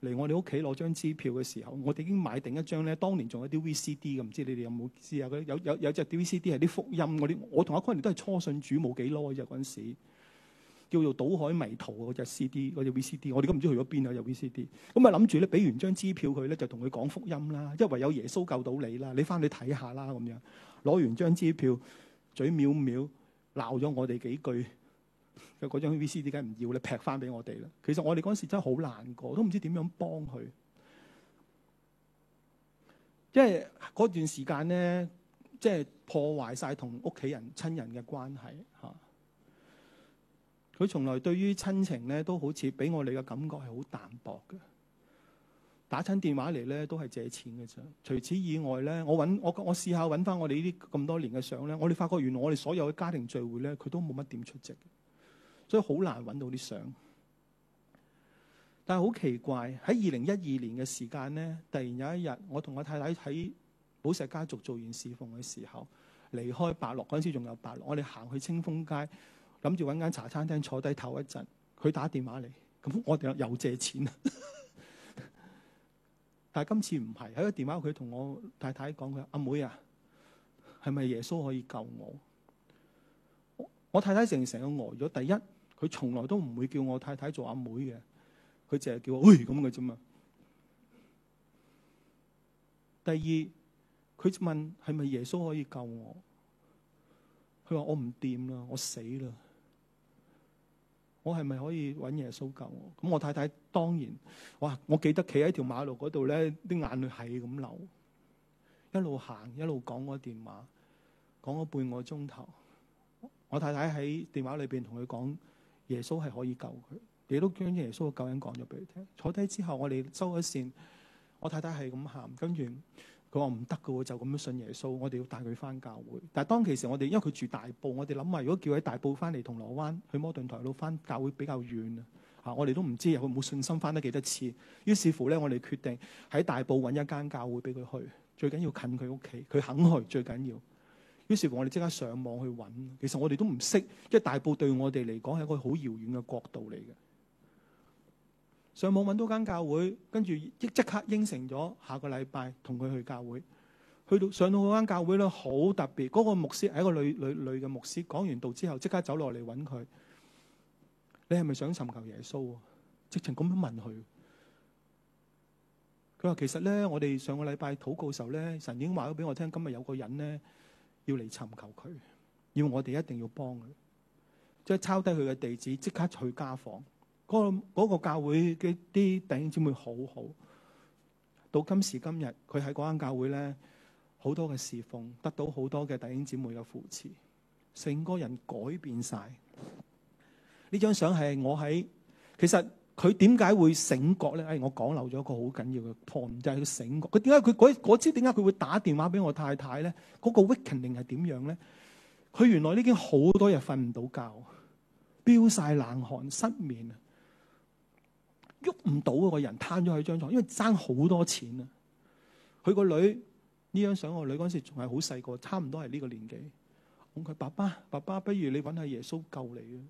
嚟我哋屋企攞張支票嘅時候，我哋已經買定一張咧。當年仲有啲 VCD 嘅，唔知你哋有冇知呀？佢有有有隻 DVCD 係啲福音嗰啲。我同阿 Connie 都係初信主冇幾耐嘅嗰陣時。叫做《倒海迷途》嗰隻、那個、C.D. 嗰隻 V.C.D. 我哋都唔知去咗邊啦，又、那個、V.C.D. 咁啊，諗住咧俾完張支票佢咧，就同佢講福音啦，因為有耶穌救到你啦，你翻去睇下啦，咁樣攞完張支票，嘴藐藐鬧咗我哋幾句，佢嗰張 V.C.D. 梗唔要咧？劈翻俾我哋啦。其實我哋嗰陣時真係好難過，都唔知點樣幫佢，即係嗰段時間咧，即係破壞晒同屋企人、親人嘅關係嚇。佢從來對於親情咧都好似俾我哋嘅感覺係好淡薄嘅，打親電話嚟咧都係借錢嘅啫。除此以外咧，我揾我我試下揾翻我哋呢啲咁多年嘅相咧，我哋發覺原來我哋所有嘅家庭聚會咧，佢都冇乜點出席，所以好難揾到啲相。但係好奇怪，喺二零一二年嘅時間咧，突然有一日我同我太太喺寶石家族做完侍奉嘅時候，離開白樂，嗰陣時仲有白樂，我哋行去清風街。諗住揾間茶餐廳坐低唞一陣，佢打電話嚟，咁我哋又借錢。 [LAUGHS] 但係今次唔係，喺個電話，佢同我太太講：佢阿妹啊，係咪耶穌可以救我？我，我太太成成個呆咗。第一，佢從來都唔會叫我太太做阿妹嘅，佢淨係叫我喂咁嘅啫嘛。第二，佢問係咪耶穌可以救我？佢話我唔掂啦，我死啦。我係咪可以揾耶穌救我？咁我太太當然，哇！我記得企喺條馬路嗰度咧，啲眼淚係咁流，一路行一路講我電話，講咗半個鐘頭。我太太喺電話裏邊同佢講，耶穌係可以救佢，你都將耶穌嘅救恩講咗俾佢聽。坐低之後，我哋收咗線，我太太係咁喊，跟住。佢話我唔得噶，就咁樣信耶穌。我哋要帶佢翻教會。但係當其時我，我哋因為佢住大埔，我哋諗埋，如果叫喺大埔翻嚟銅鑼灣，去摩頓台度翻教會比較遠啊。吓，我哋都唔知有冇冇信心翻得幾多次。於是乎咧，我哋決定喺大埔揾一間教會俾佢去，最緊要近佢屋企，佢肯去最緊要。於是乎，我哋即刻上網去揾。其實我哋都唔識，因為大埔對我哋嚟講係一個好遙遠嘅國度嚟嘅。上網揾到間教會，跟住即即刻應承咗下個禮拜同佢去教會。去到上到嗰間教會咧，好特別。嗰個牧師係一個女女女嘅牧師。講完道之後，即刻走落嚟揾佢。你係咪想尋求耶穌啊？直情咁樣問佢。佢話：其實咧，我哋上個禮拜禱告的時候咧，神已經話咗俾我聽，今日有個人咧要嚟尋求佢，要我哋一定要幫佢。即係抄低佢嘅地址，即刻去家訪。嗰、那、嗰個教會嘅啲弟兄姊妹好好，到今時今日，佢喺嗰間教會咧，好多嘅侍奉，得到好多嘅弟兄姊妹嘅扶持，成個人改變晒。呢張相係我喺其實佢點解會醒覺咧？誒、哎，我講漏咗一個好緊要嘅破綻，就係、是、佢醒覺。佢點解佢嗰嗰知點解佢會打電話俾我太太咧？嗰、那個 weekend 定係點樣咧？佢原來已經好多日瞓唔到覺，飆晒冷汗，失眠啊！喐唔到嗰個人攤咗喺張床，因為爭好多錢啊。佢個女呢張相，我個女嗰陣時仲係好細個，差唔多係呢個年紀。我問佢爸爸，爸爸不如你搵下耶穌救你啊？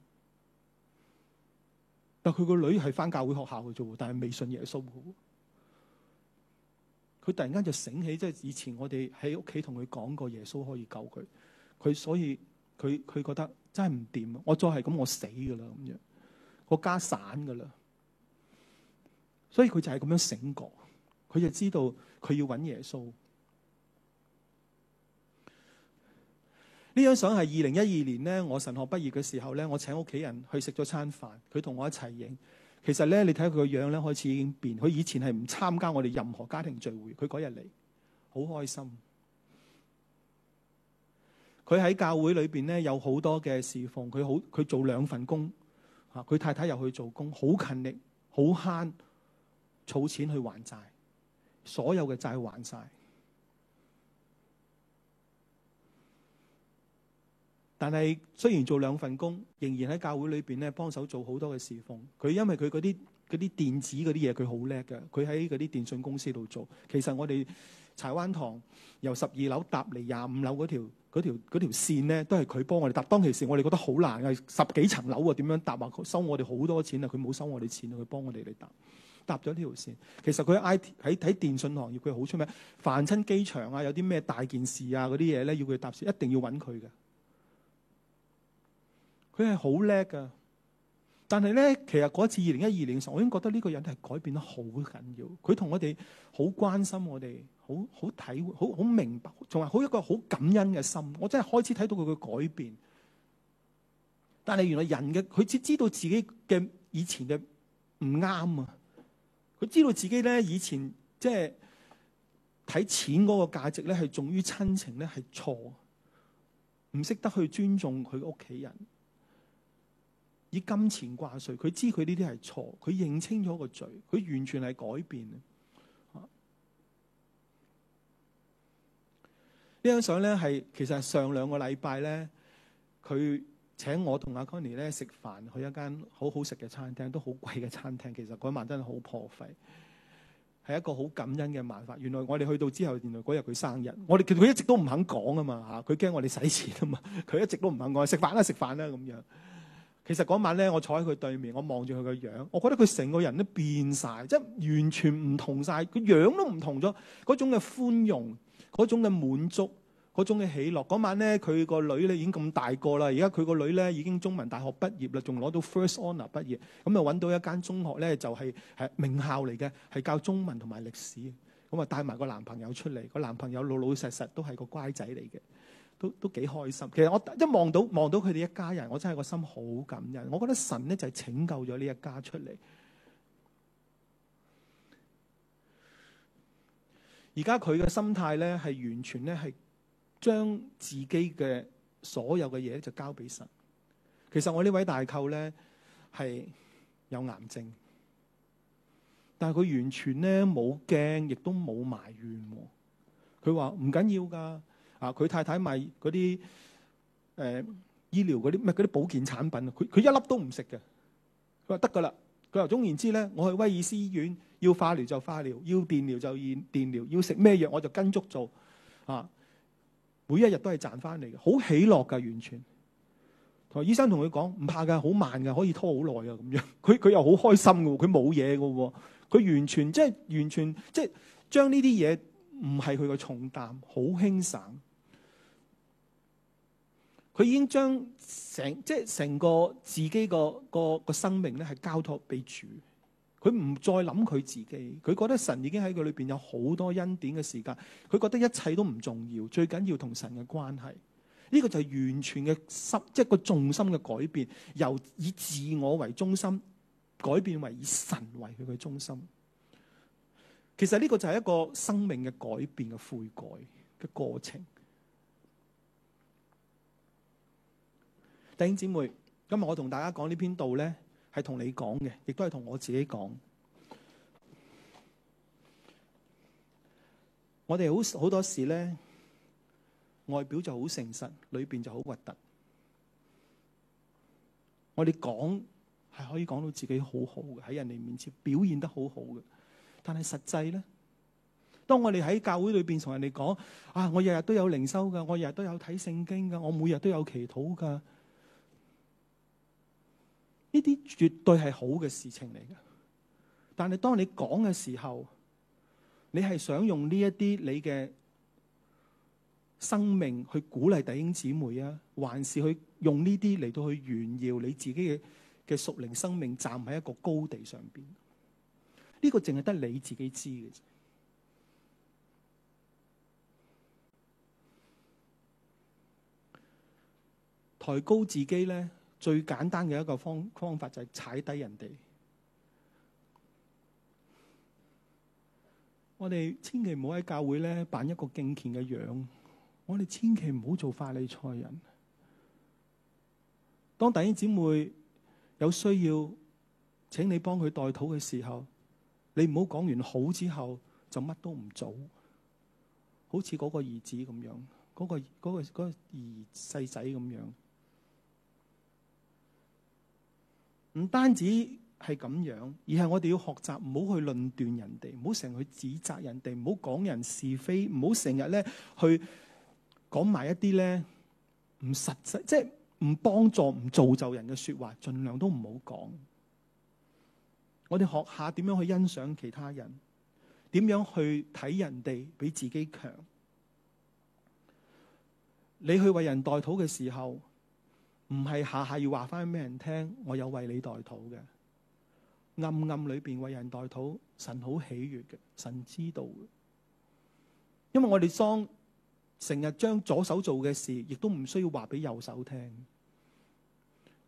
但佢個女係翻教會學校嘅啫，但係未信耶穌嘅。佢突然間就醒起，即係以前我哋喺屋企同佢講過耶穌可以救佢。佢所以佢佢覺得真係唔掂啊！我再係咁，我死㗎啦，咁樣我家散㗎啦。所以佢就係咁樣醒覺，佢就知道佢要揾耶穌。呢張相係二零一二年咧。我神學畢業嘅時候咧，我請屋企人去食咗餐飯，佢同我一齊影。其實咧，你睇佢個樣咧，開始已經變。佢以前係唔參加我哋任何家庭聚會，佢嗰日嚟好開心。佢喺教會裏邊咧有好多嘅侍奉，佢好佢做兩份工吓，佢太太又去做工，好勤力，好慳。儲錢去還債，所有嘅債還晒。但係雖然做兩份工，仍然喺教會裏邊咧幫手做好多嘅侍奉。佢因為佢嗰啲嗰啲電子嗰啲嘢，佢好叻嘅。佢喺嗰啲電信公司度做。其實我哋柴灣堂由十二樓搭嚟廿五樓嗰條嗰條嗰條線咧，都係佢幫我哋搭。當其時我哋覺得好難啊，十幾層樓啊，點樣搭？話收我哋好多錢啊，佢冇收我哋錢啊，佢幫我哋嚟搭。搭咗呢條線，其實佢喺喺喺電信行業，佢好出名。凡親機場啊，有啲咩大件事啊，嗰啲嘢咧，要佢搭船一定要揾佢嘅。佢係好叻噶，但係咧，其實嗰次二零一二年嘅時候，我已經覺得呢個人係改變得好緊要。佢同我哋好關心我哋，好好體會，好好明白，仲係好一個好感恩嘅心。我真係開始睇到佢嘅改變。但係原來人嘅，佢只知道自己嘅以前嘅唔啱啊！佢知道自己咧以前即係睇錢嗰個價值咧係重於親情咧係錯，唔識得去尊重佢屋企人，以金錢掛帥。佢知佢呢啲係錯，佢認清咗個罪，佢完全係改變。呢張相咧係其實係上兩個禮拜咧，佢。請我同阿 Conny 咧食飯，去一間好好食嘅餐廳，都好貴嘅餐廳。其實嗰晚真係好破費，係一個好感恩嘅辦法。原來我哋去到之後，原來嗰日佢生日。我哋佢佢一直都唔肯講啊嘛嚇，佢驚我哋使錢啊嘛。佢一直都唔肯講，食飯啦食飯啦咁樣。其實嗰晚咧，我坐喺佢對面，我望住佢嘅樣，我覺得佢成個人都變晒，即係完全唔同晒，佢樣都唔同咗，嗰種嘅寬容，嗰種嘅滿足。嗰種嘅喜樂，嗰晚咧佢個女咧已經咁大個啦，而家佢個女咧已經中文大學畢業啦，仲攞到 First Honor 畢業，咁啊揾到一間中學咧就係係名校嚟嘅，係教中文同埋歷史，咁啊帶埋個男朋友出嚟，個男朋友老老實實都係個乖仔嚟嘅，都都幾開心。其實我一望到望到佢哋一家人，我真係個心好感恩。我覺得神咧就係拯救咗呢一家出嚟。而家佢嘅心態咧係完全咧係。將自己嘅所有嘅嘢就交俾神。其實我呢位大舅咧係有癌症，但係佢完全咧冇驚，亦都冇埋怨。佢話唔緊要㗎啊！佢太太買嗰啲誒醫療嗰啲咩嗰啲保健產品，佢佢一粒都唔食嘅。佢話得㗎啦。佢話總言之咧，我去威爾斯醫院，要化療就化療，要電療就電電療，要食咩藥我就跟足做啊。每一日都係賺翻嚟嘅，好喜樂噶，完全。同醫生同佢講，唔怕嘅，好慢嘅，可以拖好耐啊咁樣。佢佢又好開心噶，佢冇嘢噶，佢完全即係完全即係將呢啲嘢唔係佢個重擔，好輕省。佢已經將成即係成個自己的個個個生命咧，係交託俾主。佢唔再諗佢自己，佢覺得神已經喺佢裏邊有好多恩典嘅時間，佢覺得一切都唔重要，最緊要同神嘅關係。呢個就係完全嘅心，即係個重心嘅改變，由以自我為中心改變為以神為佢嘅中心。其實呢個就係一個生命嘅改變嘅悔改嘅過程。弟兄姊妹，今日我同大家講呢篇道呢。係同你講嘅，亦都係同我自己講。我哋好好多時咧，外表就好誠實，裏邊就好核突。我哋講係可以講到自己好好嘅，喺人哋面前表現得好好嘅，但係實際咧，當我哋喺教會裏邊同人哋講啊，我日日都有靈修噶，我日日都有睇聖經噶，我每日都有祈禱噶。呢啲絕對係好嘅事情嚟嘅，但係當你講嘅時候，你係想用呢一啲你嘅生命去鼓勵弟兄姊妹啊，還是去用呢啲嚟到去炫耀你自己嘅嘅屬靈生命，站喺一個高地上邊？呢、這個淨係得你自己知嘅啫，抬高自己呢。最簡單嘅一個方方法就係踩低人哋。我哋千祈唔好喺教會咧扮一個敬虔嘅樣子。我哋千祈唔好做法利賽人。當弟兄姊妹有需要請你幫佢代禱嘅時候，你唔好講完好之後就乜都唔做，好似嗰個兒子咁樣，嗰、嗰個嗰、嗰個嗰、嗰個、兒細仔咁樣。唔單止係咁樣，而係我哋要學習唔好去論斷人哋，唔好成日去指責人哋，唔好講人是非，唔好成日咧去講埋一啲咧唔實際，即係唔幫助、唔造就人嘅說話，盡量都唔好講。我哋學下點樣去欣賞其他人，點樣去睇人哋比自己強。你去為人代禱嘅時候，唔係下下要話翻俾人聽，我有為你代禱嘅，暗暗裏邊為人代禱，神好喜悦嘅，神知道嘅。因為我哋當成日將左手做嘅事，亦都唔需要話俾右手聽。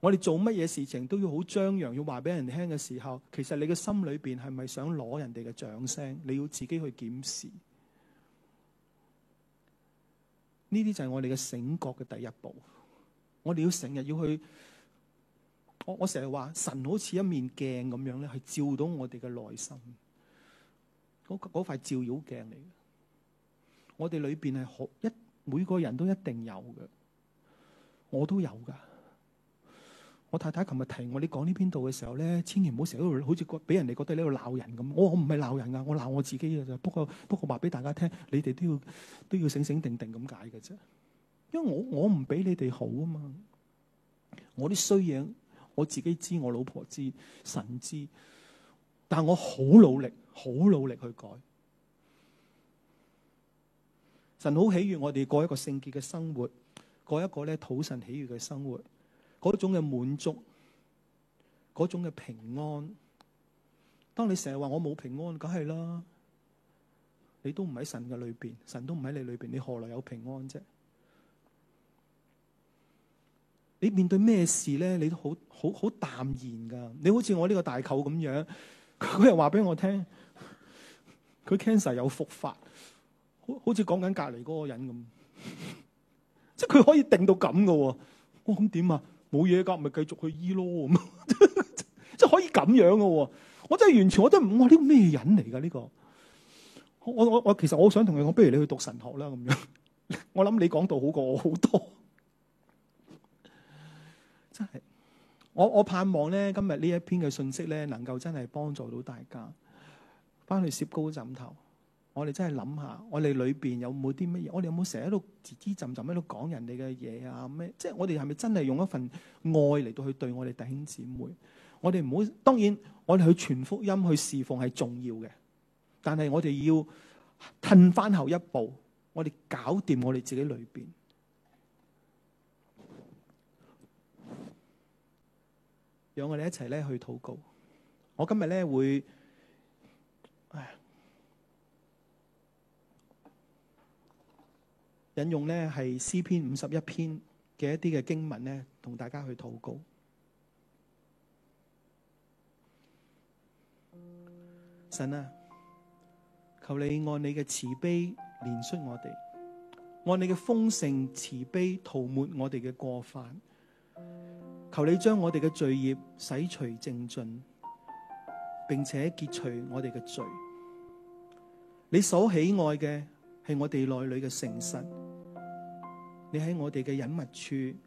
我哋做乜嘢事情都要好張揚，要話俾人聽嘅時候，其實你嘅心裏邊係咪想攞人哋嘅掌聲？你要自己去檢視。呢啲就係我哋嘅醒覺嘅第一步。我哋要成日要去，我我成日話神好似一面鏡咁樣咧，係照到我哋嘅內心，嗰嗰塊照妖鏡嚟。我哋裏邊係好一，每個人都一定有嘅，我都有噶。我太太琴日提我，你講呢邊度嘅時候咧，千祈唔好成日喺度，好似俾人哋覺得呢度鬧人咁。我我唔係鬧人噶，我鬧我，我自己嘅啫。不過不過，話俾大家聽，你哋都要都要醒醒定定咁解嘅啫。因為我我唔畀你哋好啊嘛，我啲衰嘢，我自己知，我老婆知，神知，但我好努力，好努力去改。神好喜悅我哋過一個聖潔嘅生活，過一個咧討神喜悅嘅生活，嗰種嘅滿足，嗰種嘅平安。當你成日話我冇平安，梗係啦，你都唔喺神嘅裏邊，神都唔喺你裏邊，你何來有平安啫？你面對咩事咧，你都好好好淡然噶。你好似我呢個大舅咁樣，佢又話俾我聽，佢 cancer 有復發，好好似講緊隔離嗰個人咁。 [LAUGHS] 即係佢可以定到咁噶喎。哇，咁點啊？冇嘢㗎，咪繼續去醫咯。咁即係可以咁樣噶喎。我真係完全我都唔，哇，呢個咩人嚟㗎？呢個我我我其實我想同你講，你不如你去讀神學啦咁樣。 [LAUGHS] 我諗你講到好過我好多。真係，我我盼望咧，今日呢一篇嘅信息咧，能夠真係幫助到大家，翻去攝高枕頭，我哋真係諗下，我哋裏邊有冇啲乜嘢？我哋有冇成日喺度吱吱浸浸喺度講人哋嘅嘢啊？咩？即係我哋係咪真係用一份愛嚟到去對我哋弟兄姊妹？我哋唔好，當然我哋去傳福音去侍奉係重要嘅，但係我哋要褪翻後一步，我哋搞掂我哋自己裏邊。讓我哋一齊咧去禱告。我今日咧會引用咧係詩篇五十一篇嘅一啲嘅經文咧，同大家去禱告。神啊，求你按你嘅慈悲憐恤我哋，按你嘅豐盛慈悲塗抹我哋嘅過犯。求你將我哋嘅罪孽洗除淨盡，並且結除我哋嘅罪。你所喜愛嘅係我哋內裏嘅誠實。你喺我哋嘅隱密處，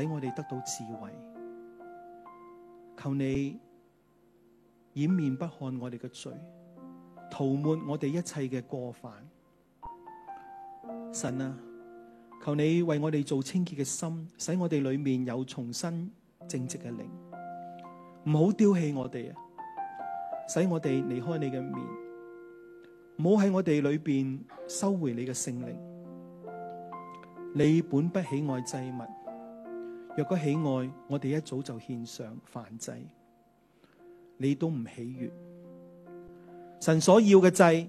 使我哋得到智慧。求你掩面不看我哋嘅罪，塗抹我哋一切嘅過犯。神啊！求你為我哋做清潔嘅心，使我哋裏面有重新正直嘅靈，唔好丟棄我哋啊！使我哋離開你嘅面，唔好喺我哋裏邊收回你嘅聖靈。你本不喜愛祭物，若果喜愛，我哋一早就獻上燔祭，你都唔喜悅。神所要嘅祭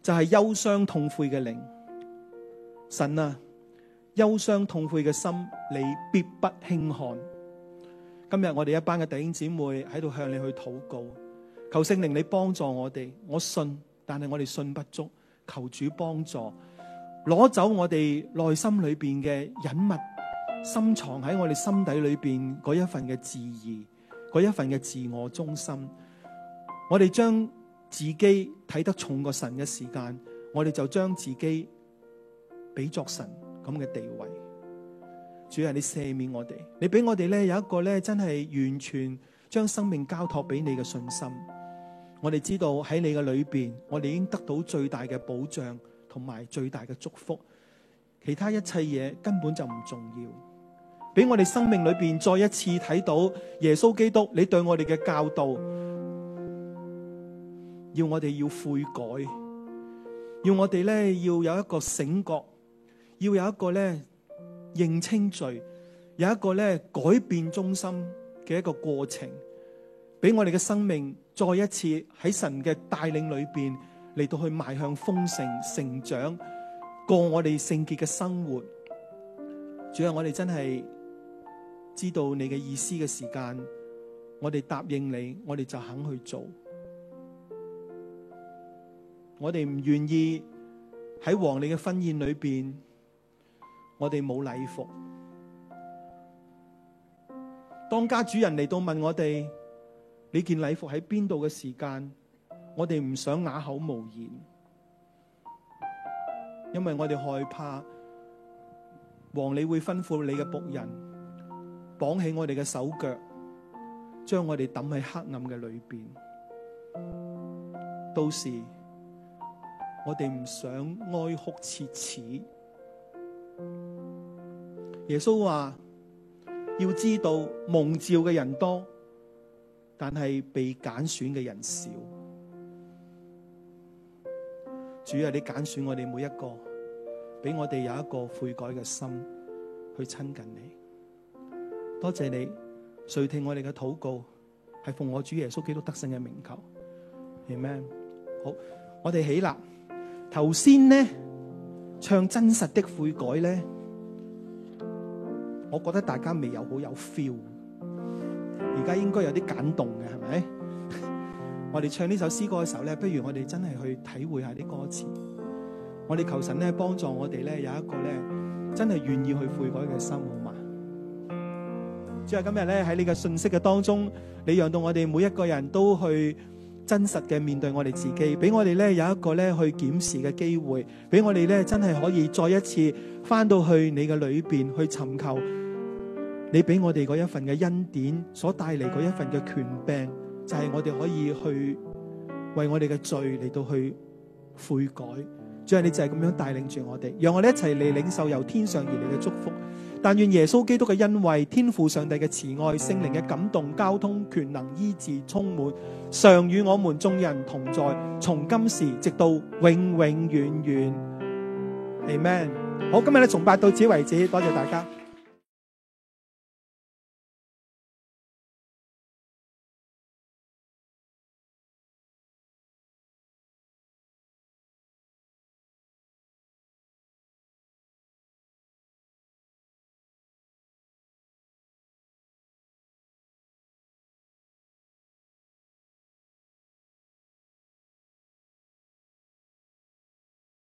就係憂傷痛悔嘅靈。神啊！憂傷痛悔嘅心，你必不輕看。今日我哋一班嘅弟兄姊妹喺度向你去禱告，求聖靈你幫助我哋。我信，但係我哋信不足，求主幫助，攞走我哋內心裏邊嘅隱密，深藏喺我哋心底裏邊嗰一份嘅自義，嗰一份嘅自我中心。我哋將自己睇得重過神嘅時間，我哋就將自己比作神。咁嘅地位，主要係你赦免我哋，你俾我哋咧有一個咧真係完全將生命交託俾你嘅信心。我哋知道喺你嘅裏邊，我哋已經得到最大嘅保障同埋最大嘅祝福，其他一切嘢，根本就唔重要。俾我哋生命裏邊再一次睇到耶穌基督，你對我哋嘅教導，要我哋要悔改，要我哋咧要有一個醒覺，要有一個咧認清罪，有一個咧改變中心嘅一個過程，俾我哋嘅生命再一次喺神嘅帶領裏邊嚟到去邁向豐盛、成長，過我哋聖潔嘅生活。主要我哋真係知道你嘅意思嘅時間，我哋答應你，我哋就肯去做。我哋唔願意喺王你嘅婚宴裏邊，我哋冇禮服，當家主人嚟到問我哋，你件禮服喺邊度嘅時間，我哋唔想啞口無言，因為我哋害怕王你會吩咐你嘅僕人綁起我哋嘅手腳，將我哋抌喺黑暗嘅裏邊，到時我哋唔想哀哭切齒。耶穌話：要知道蒙召嘅人多，但係被揀選嘅人少。主要係你揀選我哋每一個，俾我哋有一個悔改嘅心去親近你。多謝你垂聽我哋嘅禱告，係奉我主耶穌基督得勝嘅名求。Amen。好，我哋起立。頭先呢唱真實的悔改呢？我覺得大家未有好有 feel，而家應該有啲感動嘅係咪？ [LAUGHS] 我哋唱呢首詩歌嘅時候咧，不如我哋真係去體會下啲歌詞。我哋求神咧幫助我哋咧有一個咧真係願意去悔改嘅心好嘛。主啊，今日咧喺你嘅信息嘅當中，你讓到我哋每一個人都去真實嘅面對我哋自己，俾我哋咧有一個咧去檢視嘅機會，俾我哋咧真係可以再一次翻到去你嘅裏邊去尋求。你俾我哋嗰一份嘅恩典，所帶嚟嗰一份嘅權柄，就係我哋可以去為我哋嘅罪嚟到去悔改。主啊，你就係咁樣帶領住我哋，讓我哋一齊嚟領受由天上而嚟嘅祝福。但願耶穌基督嘅恩惠、天父上帝嘅慈愛、聖靈嘅感動、交通權能、醫治充滿，常與我們眾人同在，從今時直到永永遠遠。Amen。好，今日咧崇拜到此為止，多謝大家。